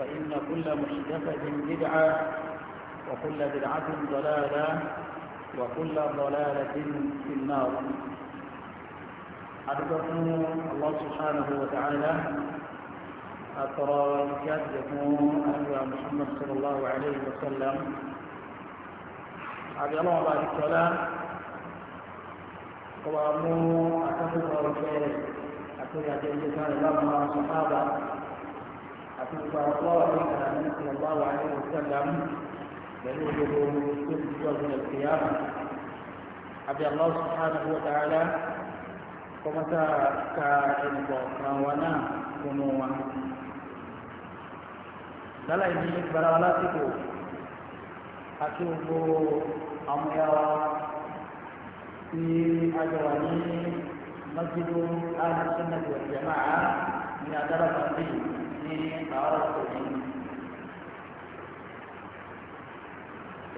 فإن كل محدثة بدعة وكل بدعة ضلالة وكل ضلالة في النار أدركم الله سبحانه وتعالى أترى كاتبكم أهل محمد صلى الله عليه وسلم أبي الله عليه السلام قواموا أتفق رسول أتفق جلسان الله مع الصحابة àti ìpàrọ̀pọ̀ nípa àti ọ̀báwá ní ìsọ̀lámù pẹ̀lú gbogbo tó ti jọ ní ìkìyàmù. Àbí Allah subhanahu wa ta'ala kọ́mọ́tà ka ẹnìkọ̀ kan wa náà kúnnú wa. Lálẹ́ ìdí gbára wa lásìkò àti gbogbo àwọn ẹ̀yà wa tí a jọ wà ní Masjidu Ahlus Sunnah wal Jama'ah ní Adára Fàndéyìí ní àárọ̀ tòun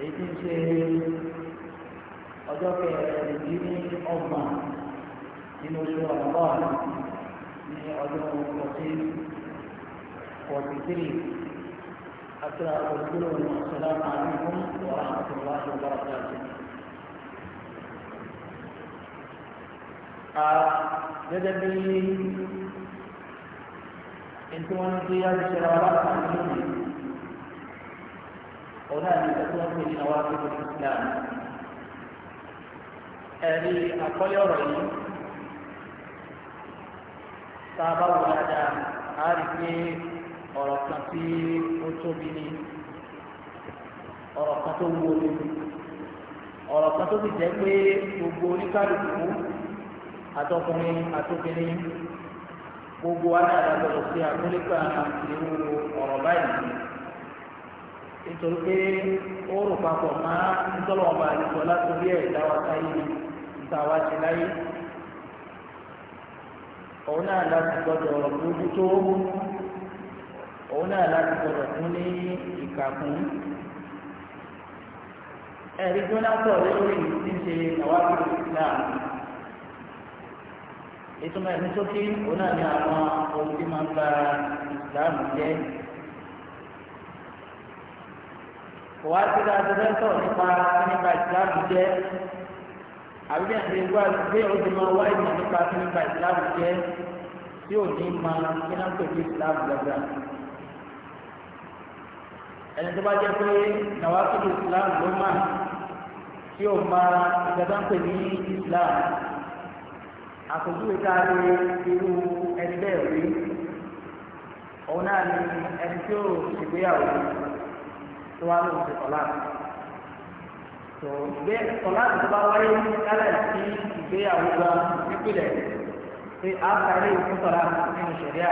èyí tí ń ṣe ọjọ́ kẹrin ní ọgbọ̀n nínú oṣù ọ̀gbọ́n ní ọdún fourteen forty three after ọdún ọ̀sẹ̀lámà àdúgbò wàhálà àti wàhálà ìwà àti àti. gẹ́gẹ́ bí ntí wọ́n ti yá ti ṣẹlẹ̀ wọn láti ṣe lónìí òun náà ní ìtọ́jú wọn islam ẹ̀rí àkọ́lé ọ̀rọ̀ yìí tá a bá wò dáadáa a rí pé ọ̀rọ̀ kan tí ó tóbi gbogbo wa náà la gbọdọ̀ sí àmúlẹ́kọ̀ irú ọ̀rọ̀ báyìí nítorí pé ó rò papọ̀ máa ń tọ́lọ̀ ọba àlejò látòrí ẹ̀ dáwà sáyé ìtawà ti láyé òun náà láti gbọdọ̀ lójú tó òun náà láti gbọdọ̀ fún ní ìkàkùn ẹ̀rí jóná sọ̀rọ̀ lórí ti ń ṣe ìtumọ̀ ẹ̀mí sókè òun náà ní àwọn ohun tí máa ń ba ìsìláàmù jẹ́. wà á ti ra àtẹ̀fẹ́ sọ̀rọ̀ nípa nípa ìsìláàmù jẹ́ àbí bí àti ìgbà gbé òde máa wá ìmọ̀ nípa nípa ìsìláàmù jẹ́ tí ò ní máa kí náà pèsè ìsìláàmù lọ́gbà. ẹni tó bá jẹ́ pé nàwákìlì ìsìláàmù ló mà tí ò máa ìgbàdánpè ní ìsìláàmù àpèjúwe tá a lè irú ẹni bẹ́ẹ̀ rí òun náà ni ẹni tí ó ṣègbéyàwó tó wá lóun ṣe kọ̀lá tó gbé kọ̀lá tó bá wáyé kálẹ̀ sí ìgbéyàwó gba nípìnlẹ̀ pé a ka ilé ìfún kọ̀lá nínú ṣẹ̀ríà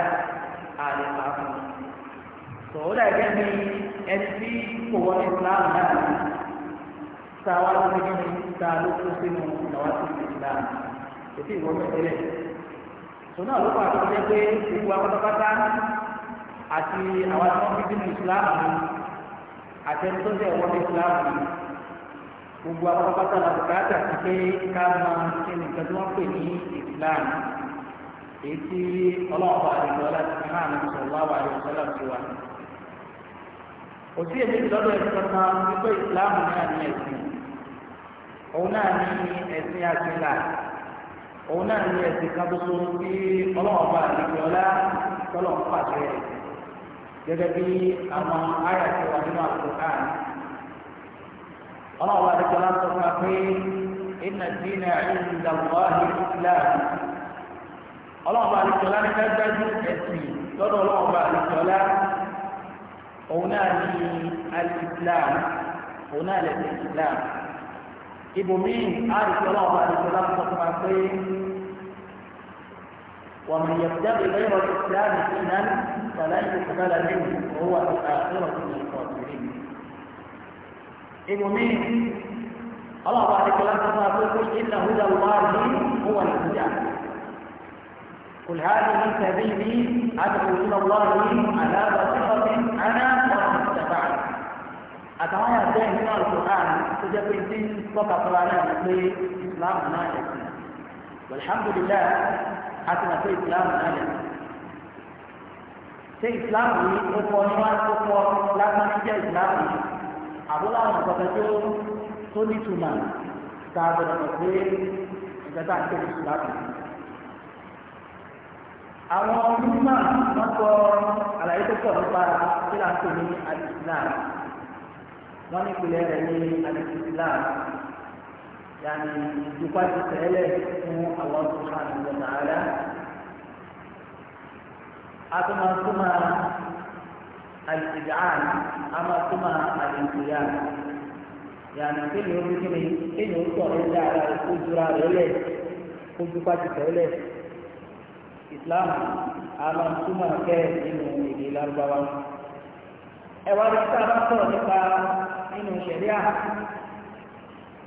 àlè pàápàá tó ó dàgẹ́ ni ẹni tí kò wọlé ìsìláàmù náà tá a wá ni ló kó sínú ìlọ́wọ́sí ìsìláàmù kò tí ì wọ́n mẹ́tẹ́lẹ̀ tó náà ló pàṣẹ jẹ́ pé gbogbo apátápátá àti àwọn tí wọ́n fi dínú ìsìláàmù àti ẹni tó ń tẹ̀ wọ́n ní ìsìláàmù gbogbo apátápátá la bùkátà sí pé ká máa ṣe nìkan tí wọ́n pè ní ìsìláàmù èyí tí ọlọ́ọ̀bà àdìgbò láti fi hàn ní sọ̀láwà àdìgbòsọ́lá ti wà. òsì èmi lọ́dọ̀ ẹ̀sìn kankan wípé ìsìláàmù náà ní ẹ̀sìn òun náà ní ẹ̀sìn àti ìlànà òun náà ní ẹ̀sìn kan tó so sí ọlọ́wọ́ bá àlejò ọlá tọ́lọ̀ ń pàṣẹ rẹ̀ gẹ́gẹ́ bí àwọn àyà ti wà nínú àkókò àná. ọlọ́wọ́ bá àlejò ọlá sọ fún pé iná dínà ìdàgbọ́ àlejò ọlọ́wọ́ bá àlejò ọlá ní dájúdájú ẹ̀sìn lọ́dọ̀ ọlọ́wọ́ bá àlejò ọlá òun náà ní alìsílámù òun náà lẹ̀sìn ìsìlámù. ibòmíì àdìsí ọlọ́ọ̀bá àdìsí ọlọ́ọ̀bá tó máa pé wọ́n mú yẹ̀dá ìlẹ́ ìwọ̀n tó ti láàbì sí iná pàlá ìfòkúnlá lẹ́yìn owó àtàkùnrin tó ní ọ̀tún ibòmíì ọlọ́ọ̀bá àdìsí ọlọ́ọ̀bá tó máa pé kó iná húdà wáàdì owó àlùjá قل هذه سبيلي أدعو إلى الله على بصيرة أنا àtàwọn yàrá bẹ́ẹ̀ nínú Al-Qur'an tó jẹ́ pé tí kọ́ka fúnra náà ni pé Islam náà yẹ sí alhamdulillah a ti mọ̀ pé Islam náà yẹ sí ṣé Islam yìí ó kọ́ ní wọ́n tó kọ́ lásán ní jẹ́ Islam yìí àbúrò àwọn ọ̀gá tó tó nítumọ̀ tá a gbọdọ̀ mọ̀ pé ìgbàdá ń tẹ̀lé Islam yìí àwọn ọmọ náà wọ́n kọ́ àlàyé tó pọ̀ nípa kí wọ́n ní ìpìlẹ̀ rẹ̀ ní alìsílám yàní ìdúpá ti tẹ̀lé fún àwọn tó hàn ní nàárà atúmọ̀túmọ̀ alìsílám amọ̀túmọ̀ alìsílám yàní kéèyàn ó kékeré kéèyàn ó sọ̀rọ̀ ẹ̀dá ara rẹ̀ kó jura rẹ̀ lẹ̀ kó dúpá ti islam amọ̀túmọ̀ kẹ́ nínú èdè lárúbáwá ẹ̀wá ní sábà sọ̀rọ̀ nípa nínú ṣẹ̀ríà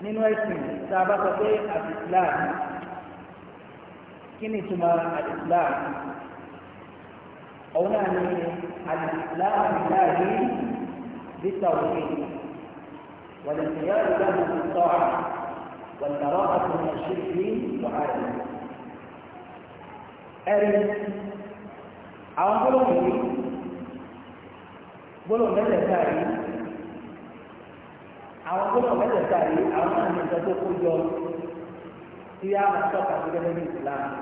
nínú ẹ̀sìn tá a bá sọ pé àdìsílám kí ni ìtumọ̀ àdìsílám òun náà ni àdìsílám láàyè bíta òfin والانقياد له بالطاعة والبراءة من الشرك وعالم أرد أو قلوب قلوب ماذا تعرف àwọn tó lọ mẹ́tẹ̀ẹ̀ sáré àwọn náà ní ìjọ tó kó jọ tí a máa tọ́ka sí gẹ́gẹ́ bí ìsìlámù.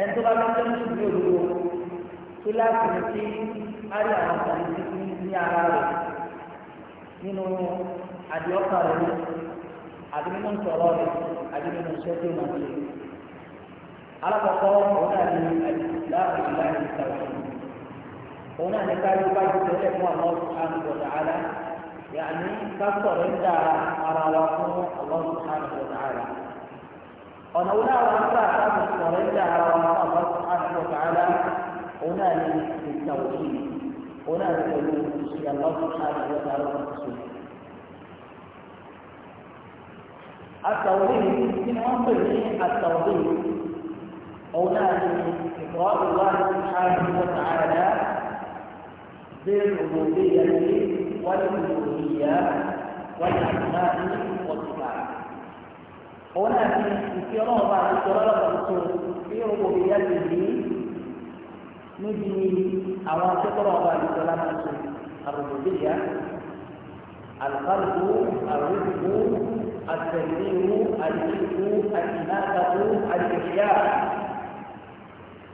ẹni tó bá bá tẹ́ ní ìlú òdodo tó láti ní kí á rí àwọn ọ̀sán ní ní ara rẹ̀ nínú àdìọ́kà rẹ̀ àbí nínú ìtọ̀rọ̀ rẹ̀ àbí nínú iṣẹ́ tó máa ṣe. alákọ̀ọ́kọ́ òun náà ní àdìsílámù ìlànà ìtàwọn. هنا نتاج بعض الشيء الله سبحانه وتعالى يعني تصر عند أراواته الله سبحانه وتعالى أنا هنا وأنت تصر عند أراواته الله سبحانه وتعالى هنا للتوحيد هنا للتوحيد في الله سبحانه وتعالى والرسول التوحيد من أمره التوحيد هنا لإقرار الله سبحانه وتعالى بالربوبية والألوهية والأسماء والصفات هنا في رغبة عن قرار الرسول في ربوبيته نجي أو تقرأ الكلام الربوبية الخلق الرزق التدبير الملك الإماتة الإحياء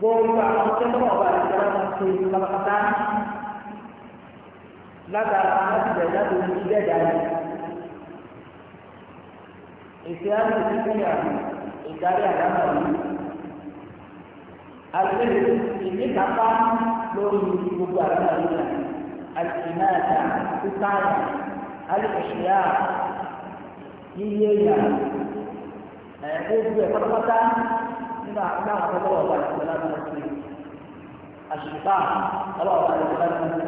gbogbo àwọn tẹ́lẹ̀ ọba ìjọba ti lọ́kọ̀tà látara láti dẹ̀dá tó ní dẹ̀dá ni. Èsì àmì ìdíkìyà ìdarí àdámà yìí. Àlejò ìníkàpá lórí gbogbo àdámà yìí nà. Àtìmáàtà kúkáàtà alìkòṣìyà yíyé yà ẹ̀ gbogbo ẹ̀ pátápátá nínú àwọn akọ́kọ́ ọ̀gá ìṣẹ̀lá tó ń sè. Àṣìṣà ọlọ́ọ̀gá ìṣẹ̀lá tó ń sè.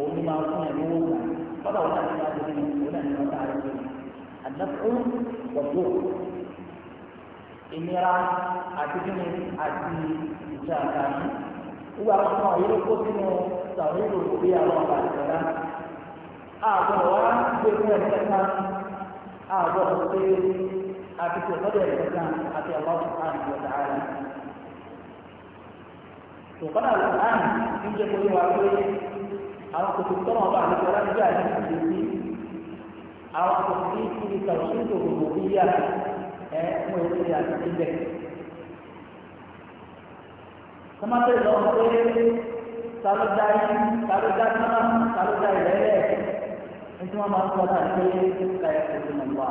òun ni máa fún ẹ̀mí wọn kọ́dà wọn náà ti máa dé ní òun náà ni wọ́n tààrà sí àdàpọ̀ wọ̀dọ̀ ìnira àti kíni àti ìjà àkàní wíwá àwọn ọmọ yìí kó sínú sàwọn ìlú òbí àwọn ọba àtẹ̀lá àbọ̀ أو تفكرها بعد كلام جاهل في الدين أو تفكيك في توحيد الربوبية مهمية جدا كما تقول الله تعالى تعالى تعالى تعالى تعالى تعالى تعالى إنما ما هو تعالى تعالى الله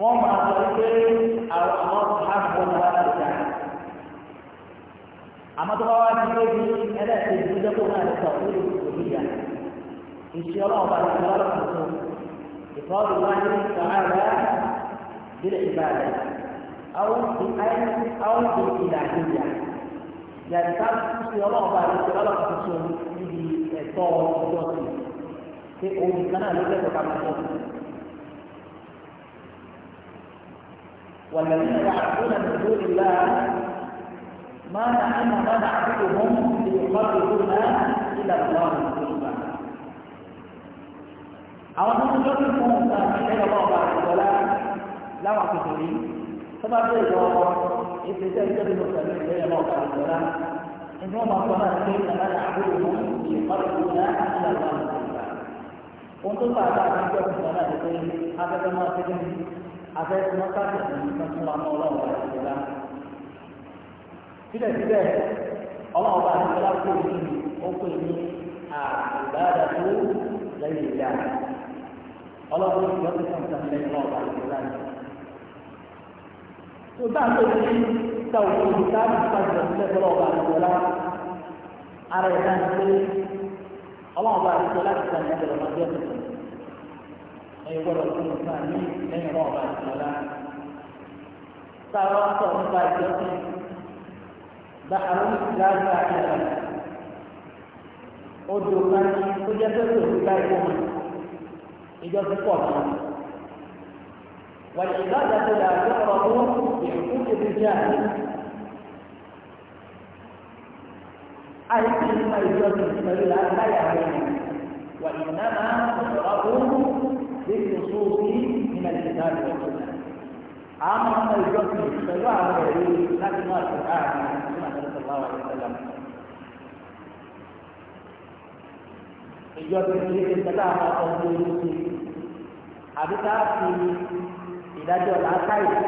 وما تعالى تعالى الله سبحانه وتعالى àmọ́ tó bá wá ní lórí ẹlẹ́sìn ìdílé tó náà lè sọ fún ìdílé ìṣe ọlọ́run bá ti lọ́rọ̀ tuntun ìfọ́dù wá ní sàárà bílẹ̀ ìbàdàn àwọn ti ayé àwọn ti ìlà ìjà yàtá ìṣe ọlọ́run bá ti lọ́rọ̀ tuntun níbi ẹ̀tọ́ ọjọ́ sí pé òun nìkan náà ló lẹ́tọ̀ọ́ kàmá tó. والذين يعبدون من دون الله ما نحن ما نعبدهم ليقربونا إلى الله سبحانه àwọn tó ń jọ́ sí fún ọ̀sán ìṣẹ́lẹ̀ ọba ọba ìjọlá láwọn tuntun yìí tó bá bẹ́ẹ̀ lọ ètò ìṣẹ́ ìṣẹ́ ìṣẹ́ ìṣẹ́ ìṣẹ́lẹ̀ ọba ìjọlá ẹni wọ́n máa sọ náà pé ìjọba náà àbúrò mú ìyẹ̀páàbò náà ìjọba ìjọba ohun tó bá a bá a jọ ìjọba náà ló pé afẹ́fẹ́ máa fẹ́ kí ni afẹ́fẹ́ máa káàkiri ìjọba náà ọlọ́run ìjọba síbẹ̀síbẹ̀ ọlọ́run bá ti gbọ́dọ̀ pé ní ọkọ̀ ní àgbàdà tó lẹ́yìn ìjà ọlọ́run ti gbọ́dọ̀ fún ìtàn lẹ́yìn ọ̀gá ìjọba ni. tó bá tó ní ta òkú ìta nípa ìjọba ìjọba ọ̀gá ìjọba ara ìta ni pé ọlọ́run bá ti gbọ́dọ̀ láti ta ní ìjọba ọ̀gá ìjọba ẹ̀yìn gbọ́dọ̀ fún بحر لا ساحل له ودخان وجسده بارئون إذا سقط والعبادة لا تعرض بحقوق الرجال أهل كلمة يجوز الإسرائيل لا يعلم وإنما تعرض بالنصوص من الكتاب والسنة أما أن يجوز الإسرائيل لا يعلم لكن ما تعلم sallallahu alaihi wasallam ìjọ tó ti ṣe tẹ́lá àwọn ọmọ ojú sí àbí ká fi ìdájọ́ làákàyè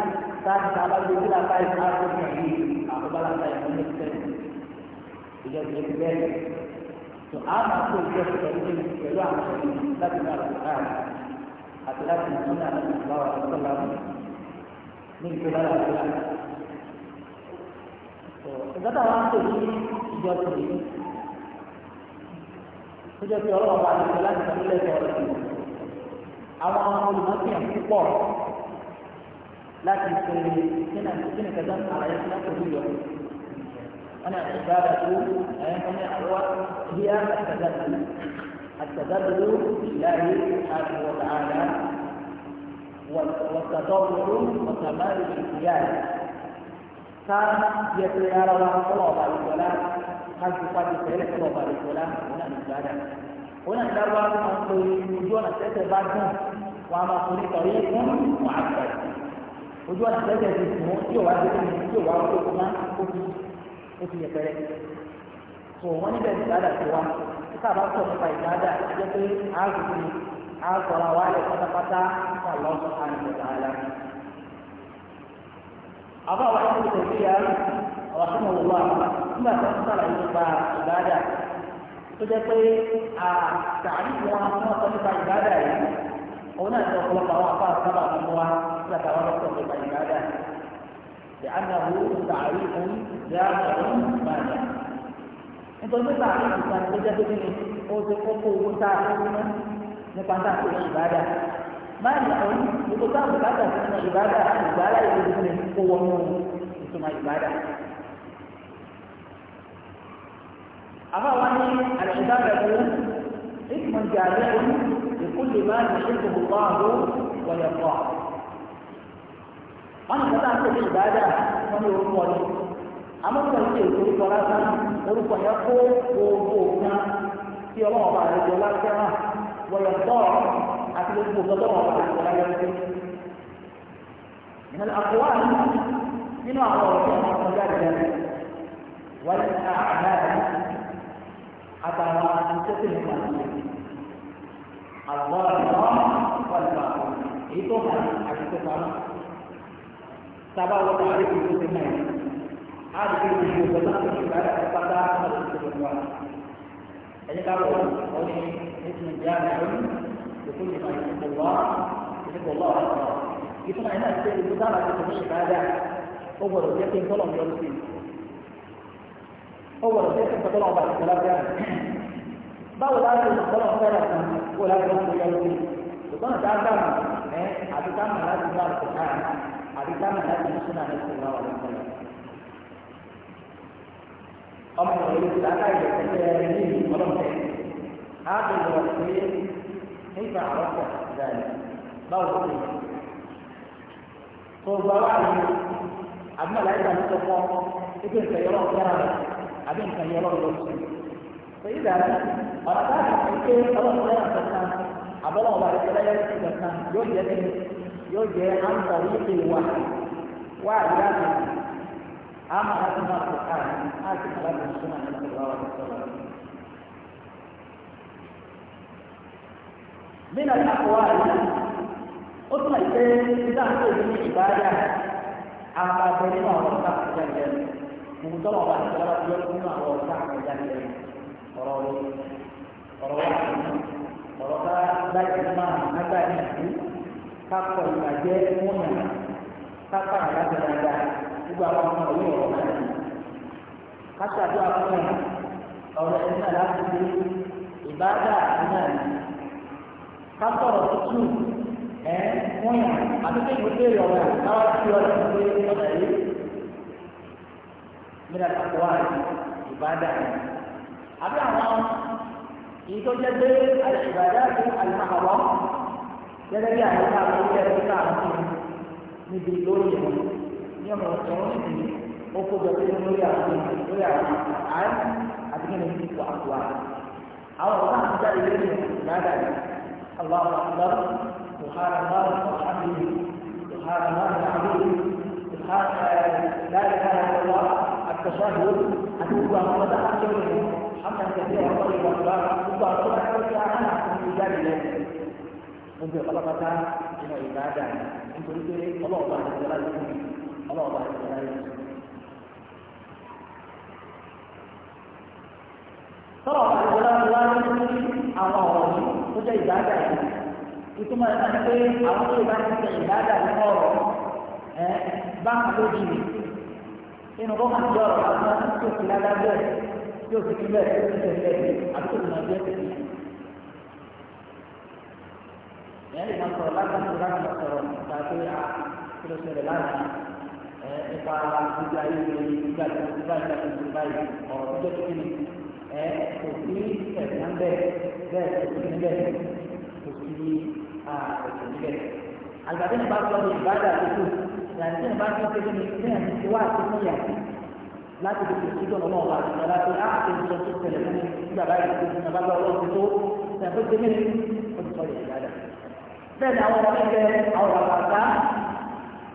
láti ta bá gbogbo làákàyè láti fi àyè àkóbá làákàyè ní ẹsẹ̀ ìjọ tó ti bẹ́ẹ̀ tó a máa tó ìjọ tó pẹ̀lú pẹ̀lú àwọn ọ̀rẹ́ láti máa lò ká àti láti mú ní àwọn ìgbà wà lọ́sọ̀lá ní ìgbà wà lọ́sọ̀lá ìgbà táwọn á pè ní ìjọ tó yẹ tó jẹ́ pé ọlọ́wọ́ bá ti láti tẹ̀lé lẹ́tọ̀ọ́ rẹ̀ àwọn olùmọ̀síyàn púpọ̀ láti ṣe kíni kíni kẹta àlàyé tí wọ́n tóbi lọ. wọ́n ní àtẹ̀jáde tó ẹ̀yẹ́ fún mi àlọ́ bíyà àtẹ̀jáde àtẹ̀jáde tó ìlàyé àtẹ̀wọ̀tà àlá wọ̀tàdọ́wọ̀rọ̀ wọ̀tàmáyé ìyá rẹ̀ ká yẹtẹ ara wa kọlọ ọba àlùfọlá ká ju pàdé tẹlẹ kọlọ ọba àlùfọlá òun náà nígbà dà òun náà nígbà wa máa ń pe ojú ọ̀nà tẹ́tẹ̀ bá dùn wọn a máa fún nítorí fún wọn àgbà ojú ọ̀nà tẹ́tẹ̀ ti fún tí ò wá dé kí ni tí ò wá kó kó náà ó fi ó fi yẹpẹrẹ tó wọn níbẹ̀ nígbà dà tó wa kíkà bá sọ nípa ìgbà dà yẹ pé àgùn ni àgùn ọ̀la wa lè pátápátá fún àlọ́ àbá wa ṣe kò sí yàrá ọ̀rọ̀ sí mọ̀ wá nígbà tó ń sàlàyé nípa ìbáàdà tó jẹ́ pé àtàrí wọn fún ọkọ nípa ìbáàdà yìí òun náà sọ ọ̀pọ̀lọpọ̀ àwọn afá sábà fún wa nígbà táwọn lọ́sọ̀ nípa ìbáàdà لأنه تعريف جامع مانع nítorí pé tààrí ìsàn tó jẹ́ pé kí ni ó ti kókó owó tá a tó ní nípa tá a tó ní ìbáàdà máa ní àwọn gbogbo táwọn sínú ìbádà ìgbàlá ìlú ní kó wọnú ìtumọ̀ ìbádà. àmọ́ wọn ní àlùfáà rẹ̀ fún ìtumọ̀ ìjàlẹ̀ ìkúlè máa ní ìtumọ̀ ìbáàbò wọlé pọ̀. wọ́n ní kọ́tà tó ìbádà wọ́n ní orúkọ ni àmọ́ ní èdè orúkọ lásán orúkọ yẹn kó gbogbo kan tí ọlọ́wọ́ bá rẹ̀ àti gbogbo gbọ́dọ̀ wà láti wọlé ayé ọdún. ìnáwó àkọwá nínú àwọn ọ̀rọ̀ ọmọ ọ̀gá ìjẹun wọ́n ti ká àdá rẹ̀ àtàwọn àtúntẹ́sẹ̀ nípa ìlú. àwọn ọ̀rọ̀ wọ́n ti máa èyí tó hàn àti tó pamọ́. sábà wọ́n máa rí ìlú tó náà á lè fi ìlú gbọ́dọ̀ tó ti gbà láti pátá ọmọdé tó ti wọ́n. ẹni ká wọ́n ọ̀sìn ètò ìjà àgbà يقول لما يحب الله يحب الله أكبر يسمع الناس تقول له دارك في الشهادة أول يقين طلع من يوم أول يقين تطلع بعد الكلام ده báwo la ṣe ìtọ́lọ̀ fẹ́rẹ̀ kan kó láti wọ́n kóyá lórí ṣùgbọ́n ìta dáhùn ẹ àti dáhùn láti wá àti dáhùn àti dáhùn láti ní súnà ní ìṣúná wà lóko lọ. ọmọ ìwé ìlú láti àyè ẹgbẹ́ ẹni ní ìlú ọlọ́mọdé á bẹ̀rẹ̀ wọ̀ pé كيف عرفت ذلك؟ بوضع فوزواني أما العلم أن تقوم ابن سيرون جرى ابن سيرون لوسي فإذا أردت أن يكون الله لا يفتن عبد الله بارك لا يفتن يوجد يوجد عن طريق الوحي وعي أما هذا القرآن هذا كلام السنة من الله عليه وسلم من الأقوال أطلع إذا أقول عبادة على بينها وصحة الجنة ممتلع بعد ثلاثة يوم وصحة الجنة وراوي وراوي وراوي láti máa nágbà ní ìlú kápọ̀ ìbàjẹ́ múnà kápá àdájọ́ dáadáa gbogbo àwọn ọmọ yìí ọ̀rọ̀ náà ní. kásàdúrà fún ẹ̀ ọ̀rọ̀ ẹ̀ náà láti fi ìbádà náà ní kásọ̀rọ̀ tuntun ẹ̀ wọ́n yàn àtúntò ìwé béèrè ọ̀rọ̀ ẹ̀ káwá sí ọ̀rọ̀ ẹ̀ pé ọ̀rọ̀ yìí mìíràn kàkọ́ wà ìbádà rẹ̀ àbí àwọn èyí tó jẹ́ pé àìsìbàdà àti àìsàkàwọ́ gẹ́gẹ́ bí àwọn ọ̀gá àwọn ilé ẹ̀rọ ká àwọn níbi lórí ẹ̀ ní ọmọ ọ̀sán níbi ó kó jọ pé lórí àwọn lórí àwọn àárín àti kí ni ìfọ̀ àkùwà àwọn ọ̀gá àti jáde lórí ẹ̀ ìbádà rẹ̀ الله أكبر سبحان الله وحمده سبحان الله العظيم سبحان لا إله إلا الله التشهد أن تبقى مدى أكبر حتى كثيرا طيبا مبارك تبقى صلحا وتعالى من رجال الله انظر خلقك إلى عبادة انظر الله تعالى الله تعالى tọ́rọ̀ àgbọ̀lá ti wá ní àwọn ọ̀rọ̀ yìí tó jẹ́ ìdájà yìí ìtumọ̀ ìta ni pé àwọn tó bá ti tẹ ìdájà ní ọ̀rọ̀ ẹ báńkì ló di mi inú bó máa jẹ ọ̀rọ̀ àwọn tó ti lára bẹ́ẹ̀ yóò ti fi bẹ́ẹ̀ tó ti tẹ̀ bẹ́ẹ̀ àti tó ti máa jẹ́ tẹ̀lé. ẹ lè máa sọ̀rọ̀ láti máa sọ̀rọ̀ láti sọ̀rọ̀ nípa pé a kí ló ṣẹlẹ̀ láti nípa ìgbà yìí ìgbà yìí ìgbà yìí ọ̀rọ̀ tó jẹ́ tó ẹ kò sí ẹ̀sán bẹ́ẹ̀ bẹ́ẹ̀ kò sí níbẹ̀ kò sí ẹ̀sán níbẹ̀. àgbàdo nípa sọ ní ìbádà àdúgbò ìyàtí ní bá tún kékeré ní bẹ́ẹ̀ ní ti wá àti fún yà láti lè fi sídọ̀ lọ́wọ́ wa àti ìjọba pé á ti ah, sọ tó tẹ̀lé fún mi nígbà báyìí tó ti nàbá lọ́wọ́ ti tó ṣàpé kékeré ó ti sọ lè ìbádà. bẹ́ẹ̀ ni àwọn ọmọ ẹgbẹ́ àwọn bàbá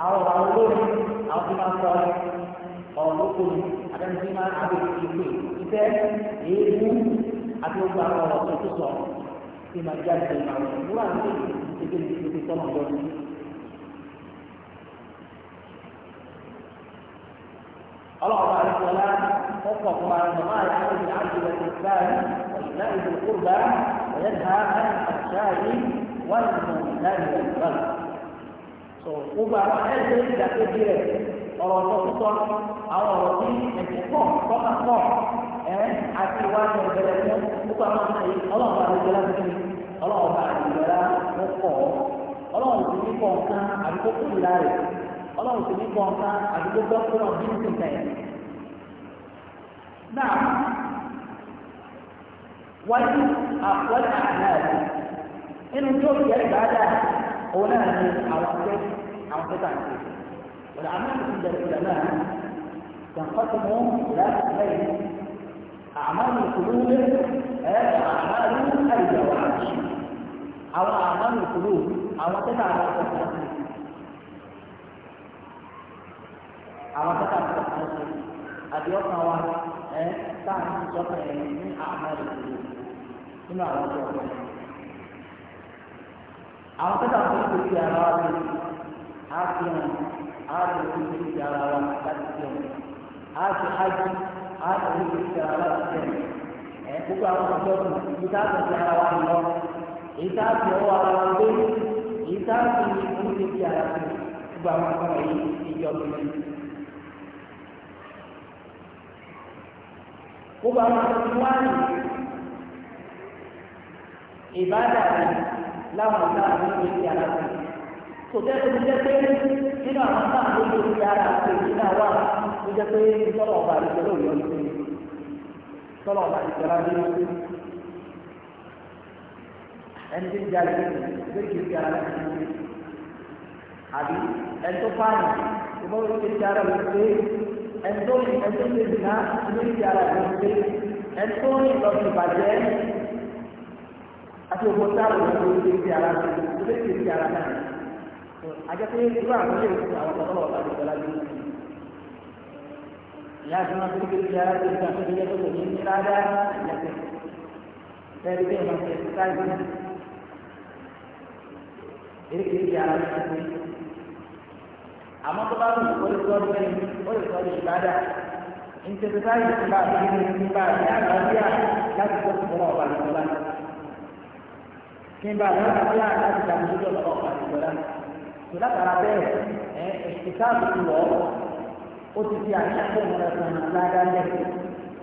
àwọn àwọn olórin àwọn tí máa ń sọ ọ̀rọ̀ lóko ni àbẹ́ni tí máa ń àbẹ̀ ìpè ìfẹ́ èébú àti gbogbo àwọn ọ̀rọ̀ tó tó sọ kí n máa jáde ní àwọn ìmúra ní ìdíje ní ìdíje tọ́nà lọ́dún. ọlọ́ọ̀bá àdìsọ́lá ọkọ̀ ọ̀pọ̀ àwọn ọmọ àti àwọn ìlànà ìlànà ìgbàlè ìlànà ìgbòkúrúbá ọ̀yẹ́dá àṣàyè wọ́n ti mọ̀ ìlànà ìgbàlè. sọ gbogbo àwọn ẹgbẹ́ ìdàkejì rẹ̀ ọ̀rọ̀ tó tó àwọn ọ̀rọ̀ tí ẹ̀jẹ̀ pọ̀ tọ́ka pọ̀ àti ìwádìí ọ̀gbẹ́lẹ̀ fún púpọ̀ àwọn àti ọlọ́ọ̀bà àdìgbẹ́lá tuntun ọlọ́ọ̀bà àdìgbẹ́lá ó kọ̀ ọlọ́ọ̀bà ti ní kọ̀ọ̀kan àdúgbò kúrò láàrẹ̀ ọlọ́ọ̀bà ti ní kọ̀ọ̀kan àdúgbò dọ́kúrọ̀ bí ní kùtà ẹ̀. náà wájú àpọ́lá àdáàbò inú tó yẹ gbàdá òun náà ni àwọn akẹ́ àwọn akẹ́kọ̀ọ́ àti ọ̀dà àmọ́ ìdílé ìdílé náà أعمال القلوب أعمال الجوارح أو أعمال القلوب أو تدعى àwọn tó tàbí tó kàn ṣe àdìọ́kàn wa ẹ táà ní ìjọba ẹ ní àmàlù nínú àwọn tó kàn ṣe. àwọn tó tàbí tó fi ara wa ṣe á fi hàn á fi ojú fi ara wa láti fi hàn á fi ájú àtàwọn ìgbésí ara wa ti tẹ̀lé ẹ̀ gbogbo àwọn ọ̀dọ́dún èyí tá a fi ti ara wa lọ èyí tá a fi ọwọ́ ara wa gbé èyí tá a ti ara fi gbogbo àwọn akọ́nà yìí ìjọ lórí. gbogbo àwọn akọ́nà wa ní ìbádàá láwọn ìgbà àwọn ara fi kò jẹ́ kó jẹ́ pé nínú àwọn náà ló lè fi ara pè ní náà wà ó jẹ́ pé tọ́lọ̀ ọba àdìsẹ́ ló yọ sí tọ́lọ̀ ọba àdìsẹ́ rà ní ẹni tí ń jalè ló kì í fi ara rẹ̀ sí àbí ẹni tó pààyàn ìbọn ló kì í fi ara rẹ̀ sí ẹni tó ní ẹni tó ní ìdìnnà ló kì í ara rẹ̀ sí ẹni tó ní ìlọsìn àti òkúta òkúta ló kì ara rẹ̀ sí ara rẹ̀ àjẹpé irú àwọn ilé ìwé àwọn ọ̀pọ̀lọpọ̀ ọ̀pá ìjọba lájú ìyá àti wọn tó kéde ara tó gbà tó kéde tó kéde ní rárá àjẹpé bẹ́ẹ̀ bí wọn fẹẹ sáyé eré kéde ara tó kéde àmọ́ tó bá wù ó lè sọ ọdún ẹni ó lè sọ ọdún ìbádà ìtẹ̀síkáyì ti bá àti ìdílé ti bá àti àlàáfíà láti tó ti fọwọ́ kí n bá àlàáfíà láti dàgbé lójú ọ̀pá ìjọba látara bẹ́ẹ̀ ẹ ìta àbùkù wọ̀ ó ti fi àṣà tó ń rẹ̀ fún ládàá lẹ́yìn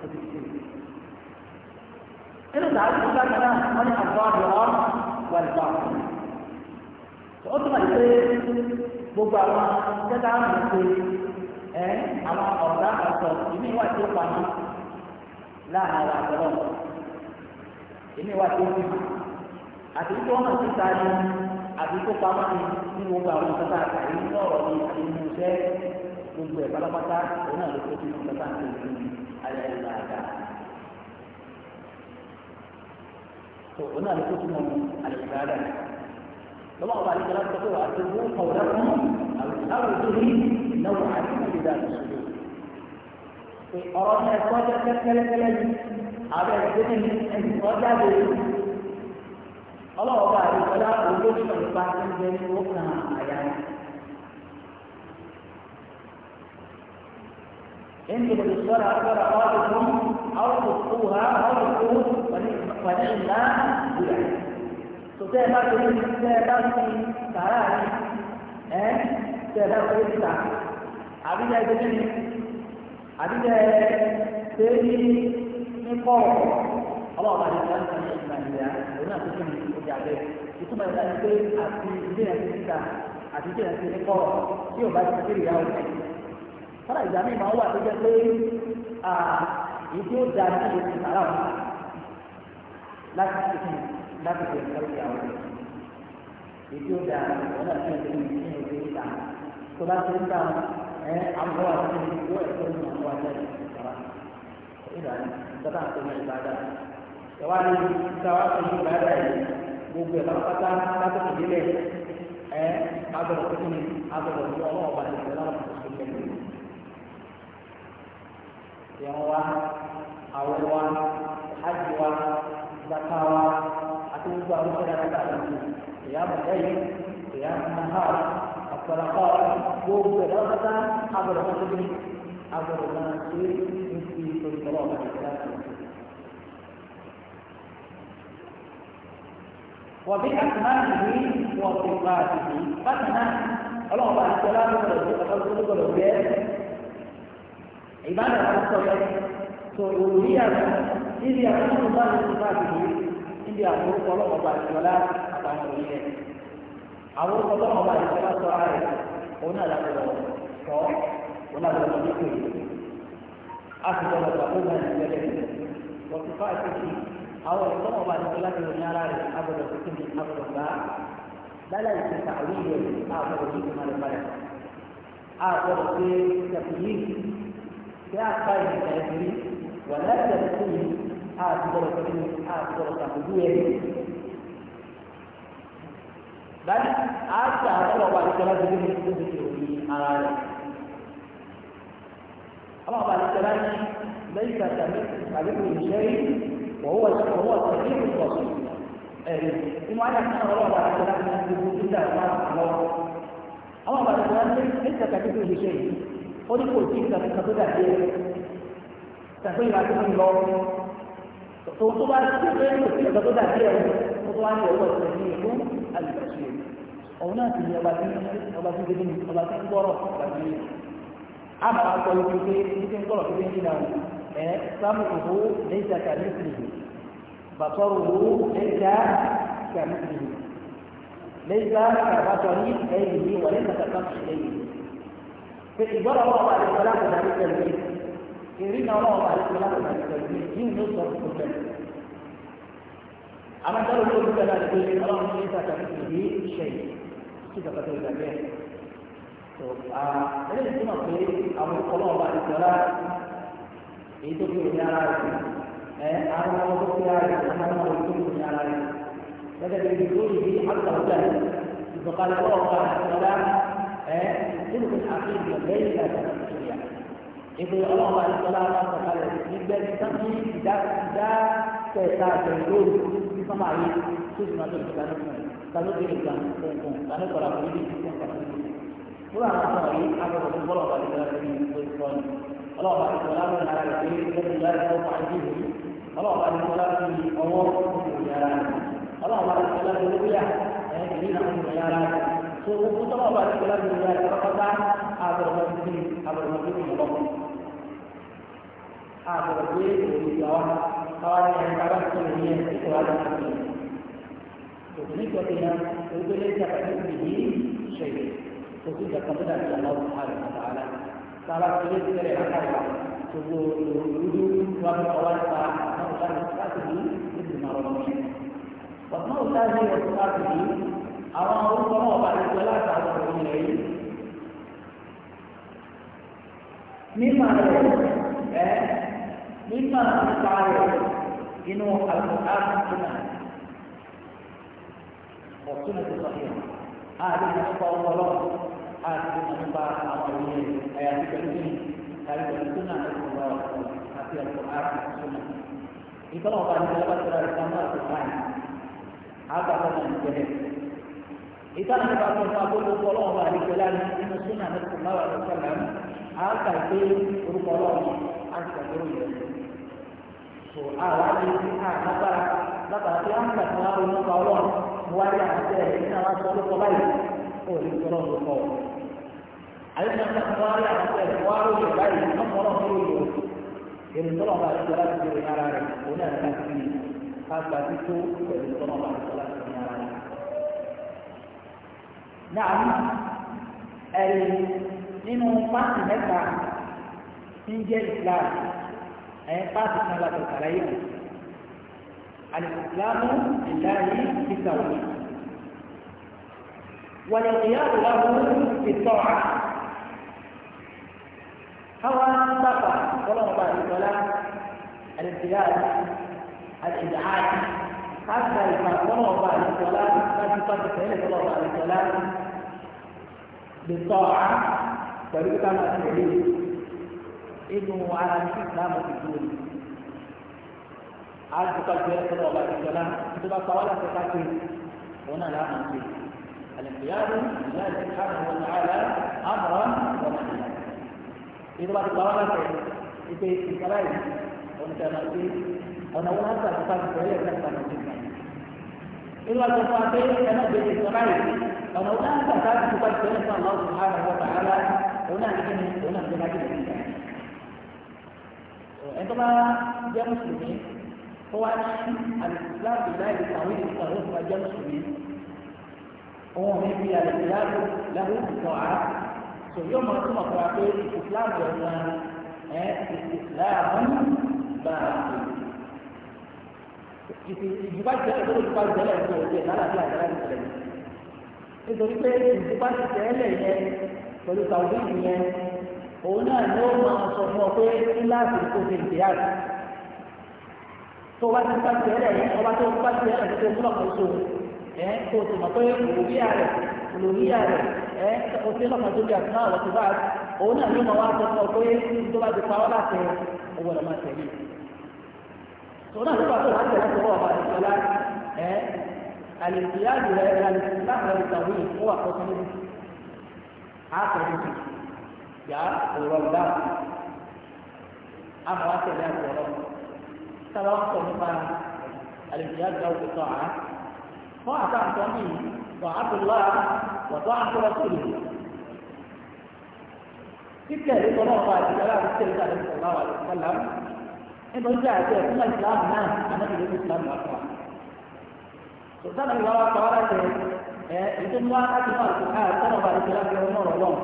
ó ti fi. nínú ìdáhùn tó bá kọjá wọn ní àbúrò àbúrò wà lè bá a fún un. ó túmọ̀ sí gbogbo àwọn tẹ́tà ń ṣe ẹ àwọn ọ̀dà ọ̀sọ̀ ìmí wà tó pamọ́ láàárín àwọn àbúrò ìmí wà tó fi hàn àti wípé wọn ti ta ni. àbí kó pamọ́ ní nínú ọgbà àwọn nǹkan tá a kà nínú ọ̀rọ̀ ní àti nínú iṣẹ́ gbogbo ẹ̀ pátápátá òun náà ló kó sínú nǹkan tá a ń pè ní ayé ìlà àdá. tó òun náà ló kó sínú ayé ìlà àdá. lọ́wọ́ àwọn àlejò láti sọ pé wàá ti wọ́n kọ̀ ọ̀dà fún àwọn òṣèré ìnáwó àti ìdílé àtúnṣe. ọ̀rọ̀ náà ẹ̀kọ́ jẹ́ kẹ́kẹ́rẹ́kẹ́rẹ́ yìí àbẹ̀ ẹ̀kọ́ ọlọ́wọ́ bá rí ọlá olóṣù nípa tó ń bẹ nínú kan àyà rẹ̀. إن الإسرار أكبر أوقاتكم أو تخطوها أو تخطوه فنعم لا بلا تتابع ما تريد تتابع في سهراني ẹ́ tẹ̀lé kúrẹ́tà àbíjà ìdílé ni àbíjà ẹ̀ tẹ́lẹ̀ ní kọ́ọ̀ ọlọ́ọ̀bà ní sẹ́ńtẹ̀ ní ìyá òun náà tó kí ni ó jà bẹ́ẹ̀ ìtumọ̀ ìyá ni pé àti ilé ẹ̀ ti ta àti ilé ẹ̀ ti ní kọ́ tí ò bá ti kiri ìyá òun kọ́lá ìgbà míì máa ń wà tó jẹ́ pé ìdí ó da ní ìlú ìsàlá òun láti ṣe kí láti ṣe ìkọ́lé ìyá òun ìdí ó da òun náà ti ṣe ìdí ìlú ìta tó bá ti ń ta àwọn àwọn àti ìlú ẹ̀kọ́ ìlú àwọn àti ìlú ìsàlá ìlànà ìjọba àti ìlú ìbàdàn. Kawan kita waktu itu berada di Google, kalau kata satu kejilis, eh, ada waktu ini, ada waktu itu Allah bagi dalam kesempatan ini. Yang Allah, Allah, Haji Allah, Zakawa, itu juga harus ini. Ya, berjaya, ya, mahal, apalakal, Google, kalau kata, ada waktu ini, ada waktu ini, ada waktu ini, ini, ada waktu ada waktu وبأكمله وصفاته فتنا الله بعد السلام يقول لك عبادة الصلاة سعودية إذ يقول الله بصفاته إذ يقول الله بعد السلام أقام به àwọn ọmọ ọlọ́run ọba yìí fẹ́ẹ́ sọ ara rẹ̀ òun náà láti lọ sọ òun náà lọ́wọ́ ní kò yìí a sì lọ́wọ́ gbàgbọ́ náà ní ìgbẹ́lẹ́ wọ́n ti fáà ti kì í àwọn ẹ̀kọ́ náà wà nípa láti ròyìn ara rẹ̀ agbọ̀dọ̀ tuntun ní agbọ̀dọ̀ gbà á lálẹ́ ìṣe tàwí rẹ̀ agbọ̀dọ̀ yìí kò má lè parẹ́ agbọ̀dọ̀ pé tẹ̀kùnì kí á pa ìrìnà ẹ̀dùnú wà láti ẹ̀kùnì agbọ̀dọ̀ tuntun agbọ̀dọ̀ tàbùkù ẹ̀ báyìí á sà ọ̀rọ̀ wà nípa láti ròyìn ara rẹ̀ ọlọ́ọ̀bà nípa láti lẹ́yìn tàbí àlékún ìṣẹ́yìn وهو وهو التغيير البسيط ثم أنا كان الله بعد كلام من إلا ما الله أما بعد كلام ليس كمثله شيء قل قل تلك من قبل أهل تقول بعد من الله فوصوا بعد كلام من قبل أهل وطبعا هو التغيير البسيط ọ̀nà ti ní ọba tí ọba tí gbẹdẹ ní ọba tí ń gbọ́rọ̀ ọba tí àbá akọ ìpínlẹ̀ ìpínlẹ̀ ń gbọ́rọ̀ ìpínlẹ̀ ń gbọ́rọ̀ سمعه ليس كمثله بصره ليس كمثله ليس كبصر غيره وليس كبصر غيره في إبارة الله عليه السلام ذلك البيت إرينا الله عليه السلام ذلك البيت دين نصر كتب أما قالوا له كتب ذلك البيت الله ليس كمثله شيء كتب ذلك البيت eléyìí túmọ̀ pé àwọn olùkọ́ náà bá ti sọ́lá èyí tó fi òfin ara rẹ̀ ẹ àwọn ọmọ tó fi ara rẹ̀ àwọn ọmọ tó fi òfin ara rẹ̀ gẹ́gẹ́ bí ìdílé yìí bí àgbàlagbà ìsọ̀kalẹ̀ ọ̀rọ̀ kan àtọ́lá ẹ nínú àfihàn lẹ́yìn ìgbà ìṣòyà ètò ọlọ́run àtọ́lá máa sọ̀kalẹ̀ nígbẹ́ sọ́kí ìdá kẹta àtẹ̀lóòrù ní sọ́mà yìí tó sì máa tó ìgbà náà tàbí tó ìgbà kọ̀ọ̀kan tàbí kọ̀ọ̀kan kọ̀ọ̀kan kọ̀ọ̀kan kúrò àwọn ọ̀rọ̀ yìí ọlọ́ọ̀bá ti sọ lábẹ́ ara rẹ̀ pé ẹgbẹ́ ìlà ẹ̀kọ́ pàdé yìí ọlọ́ọ̀bá ti sọ láti ọwọ́ òkùnkùn ara rẹ̀ ọlọ́ọ̀bá ti sọ láti olóyà ẹ̀ẹ́dẹ̀gbẹ̀rẹ̀ náà ń bẹ̀rẹ̀ ara rẹ̀ tó gbogbo tọ́lọ́ọ̀bá ti sọ láti olóyà rẹ̀ pátápátá àbọ̀rọ̀mọ́bí àbọ̀rọ̀mọ́bí ìlọ́kọ̀ àbọ̀rọ̀gbé ìgbàwá káwá ní ẹ̀ka bá ti sọ̀rọ̀ yẹn ìkọ̀wá láti sọ̀rọ̀ yẹn òfin ìjọba yẹn orí pé lẹ́yìn àbájáde yìí ṣe kò sí ìjàkadì àti àlọ́ àrùn salah tulis dari akal. yang dulu suatu awal tak mau tahu eh, ini di mana Tetapi Tak mau ini waktu sekali Awak harus tahu apa itu lah kalau kamu ini. Mima, eh, mima saya inu al-Quran sunnah. Oh sunnah itu sahih. Ahli sepuluh àti nípa àwọn ini ayat pẹ̀lú ní tàbí pẹ̀lú súnà ìfọwọ́ àti ẹ̀kọ́ àti súnà. ìtọ́nà ọba ní ọba tó ra ìtàn àti láì àgbà ọ̀nà ìjẹ́lẹ̀. ìtàn àti bàbá ọba gbọ́dọ̀ kọ́ ọlọ́run ọba àti ìjẹ́lẹ̀ ní inú súnà ní kùmáwá ní sọ̀lá àgbà ìgbé orúkọ ini àti ìgbàgbọ́ ìrẹ̀lẹ̀. tó àwọn àti àgbàrá lábàá tí wọ́n ń gbà tí wọ́n á ronú ọba ọlọ́run wáyé علينا أن نتطالع الأسوار لغاية أمره يوم يرسل الله عليه الصلاة والسلام هنا تأتي هذا بيته يرسل الله عليه الصلاة والسلام نعم أي nínú pàṣẹ mẹ́ta من جهة الإسلام أي ẹ̀yìn pàṣẹ kan láti الإسلام rẹ̀ alìsìlámù ìlàyé ìsàwọ̀ wàlẹ̀ ìyáàbò láwọn ìtọ́ra فهو انطفى ولو بعد ولا الابتلاء الابعاد حتى الفرق ولو بعد ولا ما تقدس اليه ولو بعد ولا بالطاعه فلو كان التعليم انه على الاسلام في الدنيا عاد تقدس اليه الله بعد ولا تبقى صلاه تقدس هنا لا منطق الامتداد لله سبحانه وتعالى ìjọba ti pàwọ́ láti ìpè ìkàrà yìí ọ̀nàdàmà pé ọ̀nà wọn láti àti pàṣẹ ìpẹ́lẹ̀ láti pàṣẹ ìpẹ́lẹ̀ ìlú àti ọ̀fọ̀ àti ẹ̀nà ìgbésẹ̀ ìkàrà yìí ọ̀nà wọn láti àti pàṣẹ ìpẹ́lẹ̀ fún àwọn ọ̀sùn ara wọn tààrà òun náà nìkan òun náà nìkan láti lè ẹ̀tọ́ bá jẹ́ mùsùlùmí ó wá ní àlùfáàbì jẹ́ mùsùlùmí òun ò ní fi àlùfáàbì láì ìtàwé tó yóò máa túmọ̀ fún wa pé ìsìláàmù rẹ̀ ń lan ẹ́ ìsìláàmù bá a ṣe ìjùbá ìṣẹ̀lẹ̀ tó ìjùbá ìṣẹ̀lẹ̀ ń bẹ̀rẹ̀ bẹ̀rẹ̀ lálàáfíà ìṣẹ̀lẹ̀ ìṣẹ̀lẹ̀ nítorí pé ìjùbá ìṣẹ̀lẹ̀ yẹn pẹ̀lú tàwọn ìyẹn òun náà ni ó máa sọ fún ọ pé kíláàsì kò ti ìgbéyàwó tó bá ti bá yẹn ọba tó bá ìṣẹ̀lẹ̀ tó tó ẹ kó o sì mọ̀ pé olùbíyà rẹ̀ olùbíyà rẹ̀ ẹ o ti lọ́kàn tó bí àtúná àwọn tó bá òun náà ló mọ̀ wá sọ fún ọ pé tó bá ti pa ọ́ láti ọwọ́ rẹ̀ máa tẹ̀lé tòun náà ló bá tó láti láti ọwọ́ ọba ìṣọlá ẹ àlèkìyàdì rẹ̀ àlèkìyàdì rẹ̀ ìtàwé ó wà kọ́kọ́ níbi àtẹ̀lé yà òrọ̀lá àmọ́ àtẹ̀lé àtẹ̀lé sábà ń sọ nípa àlèkìyàdì rẹ̀ òkúta àá. ما أطعت أمين طاعة الله وطاعة رسوله تلك هي طريقة الكلام التي قال صلى الله عليه وسلم إنه جاء في الإسلام ناس أنا في الإسلام أقوى سبحان الله تعالى إذن ما أكفى القرآن طلب الكلام يوم رمضان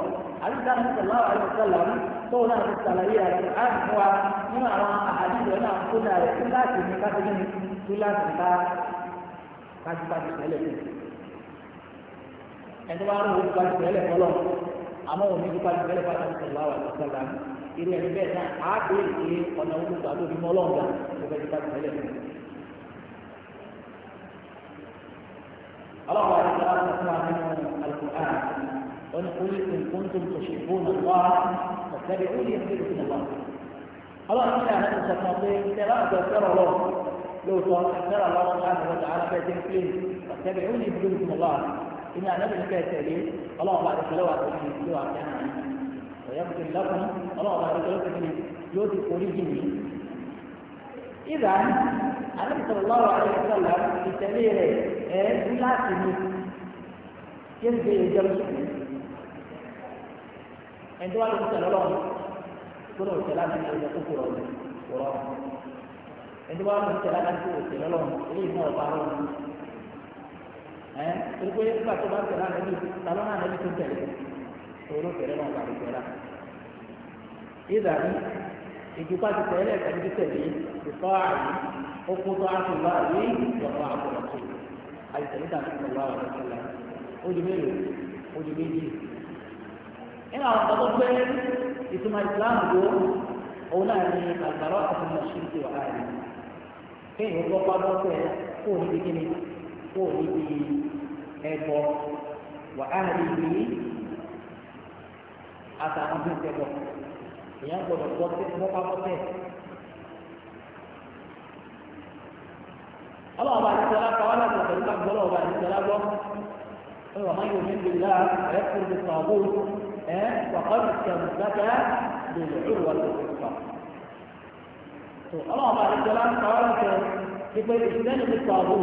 عليه الصلاة الله عليه وسلم طولا في الصلاة القرآن هو من أحاديث وأنا أقول لك لا تنكتب لا تنكتب kájú bá ti tẹ́lẹ̀ fún ẹni tó bá rún òun bá ti tẹ́lẹ̀ fọlọ́ àmọ́ òun ní bá ti tẹ́lẹ̀ fún àti sọ̀rọ̀ àwọn àti sọ̀rọ̀ àmì irú ẹni bẹ́ẹ̀ náà á pè é ọ̀nà òun gbà lórí mọ́ ọlọ́ọ̀gá tó fẹ́ ti bá ti tẹ́lẹ̀ fún الله عز وجل تسمع منهم القرآن قل قل إن كنتم تحبون الله فاتبعوني يحببكم الله الله تعالى هذا التفاصيل ترى ترى الله lóòótọ́ ìtẹ́rà lọ́wọ́ láàrin ọjà alábẹ́ jẹ́ pé ọ̀tẹ́bẹ̀ ó ní ìdílé ìfún ọlọ́wà ìní ànábì ní kẹ́ẹ̀ tẹ̀lé ọlọ́wọ́ bá ti tẹ̀lé wà tẹ̀lé ìlú àti àná ọ̀yẹ́ kùtù lọ́kùn ọlọ́wọ́ bá ti tẹ̀lé tẹ̀lé yóò ti forí jì mí. ìdá ànábì sọ̀rọ̀ lọ́wọ́ àdéhùsọ̀lá ìtẹ̀lé rẹ̀ ẹ̀ gíláàsì ni kéńté ìjẹ́ mùsùlùmí ẹ̀ńtọ́wá ló ti tẹ̀lé ọlọ́wọ́ ẹni wàá lọ sí aláǹtí òsè lọ́lọ́run eléyìí náà ọba lọ́wọ́ ẹ torí pé nígbà tó bá ń tẹ̀lé ànábì tàbí náà ànábì tó ń tẹ̀lé òun ló tẹ̀lé náà pàdé tẹ̀lá. ìdàrí ti tẹ̀lé tẹ̀lé ìfọ́ àyè ìjọba àwọn kéèyàn gbọ́ pàdánù ẹ̀ kó o níbi kíni kó o níbi ẹ̀bọ wà á rí ibi àtàwọn tó ń tẹ̀bọ̀ èèyàn gbọ́dọ̀ gbọ́ pàdánù ẹ̀. ọlọ́ọ̀bà àdìsọ́lá kọ́wá láti ọ̀sẹ̀ nípa gbọ́ ọlọ́ọ̀bà àdìsọ́lá gbọ́ ẹ wà máa yọ mí lè la ẹ kúrò ní sàbó ẹ wà kọ́ ní sàbó dáadáa lè lè lè wà lè ọlọ́run bá ti jọlá ń pa ọ́rọ́ jẹ ìpè ìsìlẹ́nu ti pa ọ̀bù